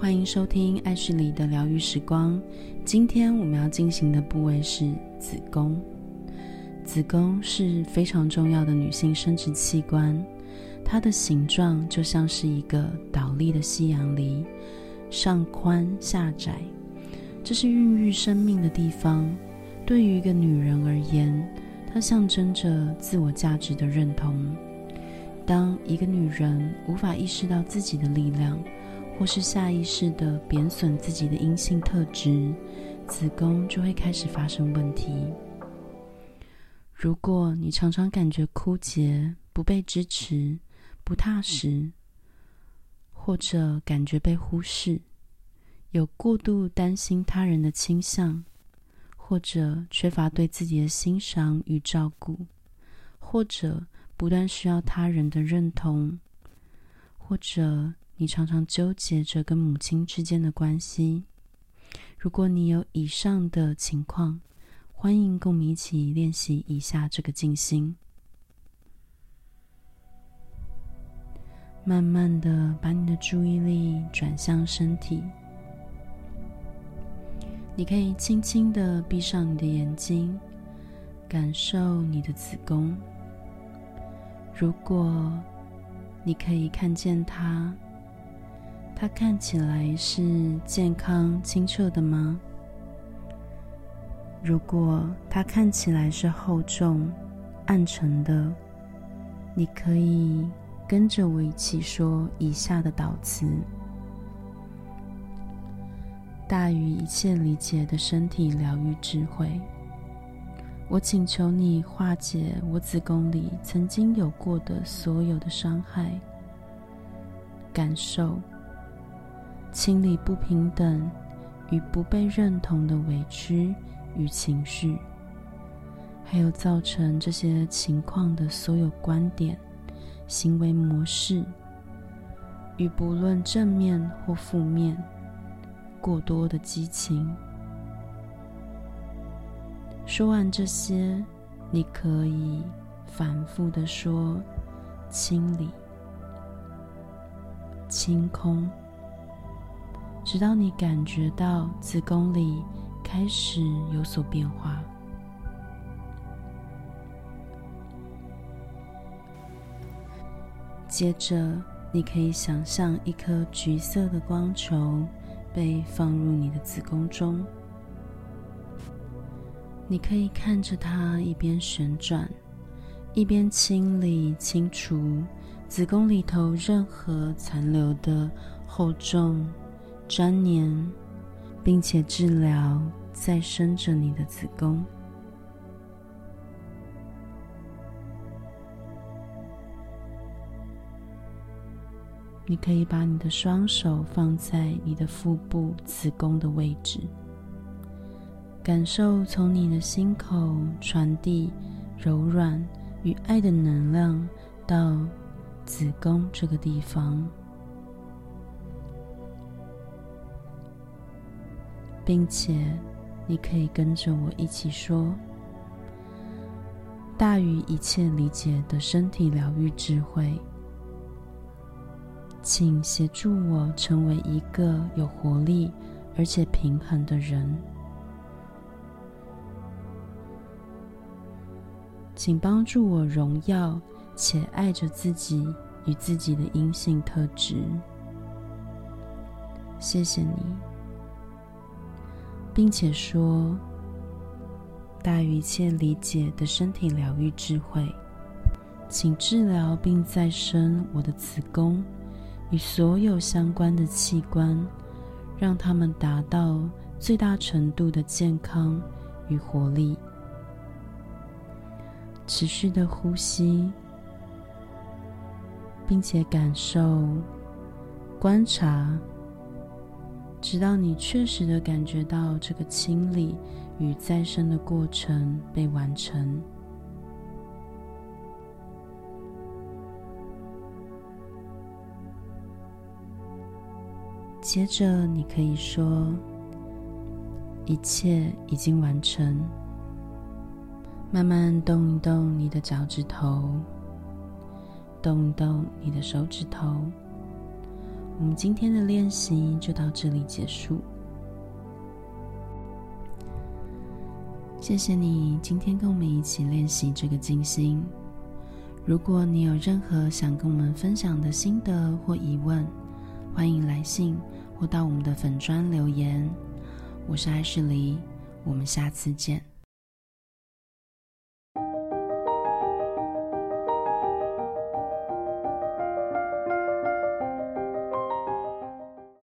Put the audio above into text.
歡迎收聽愛旭黎的療癒時光。今天我們要進行的部位是子宮。子宮是非常重要的女性生殖器官，它的形狀就像是一個倒立的西洋梨，上寬下窄。這是孕育生命的地方。對於一個女人而言，它象徵着自我價值的認同。當一個女人無法意識到自己的力量，或是下意識地貶損自己的陰性特質，子宮就會開始發生問題。如果你常常感覺枯竭、不被支持、不踏實，或者感覺被忽視，有過度擔心他人的傾向，或者缺乏對自己的欣賞與照顧，或者不斷需要他人的認同，或者……你常常糾結着跟母親之間的關係。如果你有以上的情況，歡迎跟我們一起練習一下這個靜心。慢慢的把你的注意力轉向身體，你可以輕輕的閉上你的眼睛，感受你的子宮。如果你可以看見它。它看起來是健康清澈的嗎？如果它看起來是厚重、暗沉的，你可以跟着我一起說以下的導詞：大於一切理解的身體療愈智慧。我請求你化解我子宮裡曾經有過的所有的傷害感受。清理不平等與不被認同的委屈與情緒，還有造成這些情況的所有觀點、行為模式與不論正面或負面過多的激情。說完這些，你可以反覆的說“清理、清空”。直到你感覺到子宮裡開始有所變化，接着你可以想象一顆橘色的光球被放入你的子宮中，你可以看着它一邊旋轉，一邊清理清除子宮裡頭任何殘留的厚重。粘連，並且治療再生着你的子宮。你可以把你的雙手放在你的腹部子宮的位置，感受從你的心口傳遞柔軟與愛的能量到子宮這個地方。並且，你可以跟着我一起說：“大於一切理解的身體療癒智慧，請協助我成為一個有活力而且平衡的人，請幫助我榮耀且愛着自己與自己的陰性特質。”謝謝你。並且說：“大於一切理解的身體療癒智慧，請治療並再生我的子宮與所有相關的器官，讓他們達到最大程度的健康與活力。持續的呼吸，並且感受、觀察。”直到你確實的感覺到這個清理與再生的過程被完成，接着你可以說：“一切已經完成。”慢慢動一動你的腳趾頭，動一動你的手指頭。我們今天的練習就到這裡結束。謝謝你今天跟我們一起練習這個靜心。如果你有任何想跟我們分享的心得或疑問，歡迎來信或到我們的粉專留言。我是愛旭黎，我們下次見。